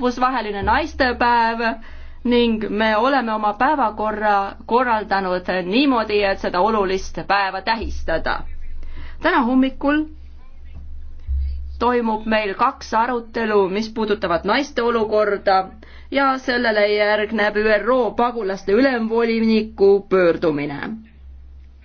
rahvusvaheline naistepäev ning me oleme oma päevakorra korraldanud niimoodi, et seda olulist päeva tähistada. täna hommikul toimub meil kaks arutelu, mis puudutavad naiste olukorda ja sellele järgneb ÜRO pagulaste ülemvoliniku pöördumine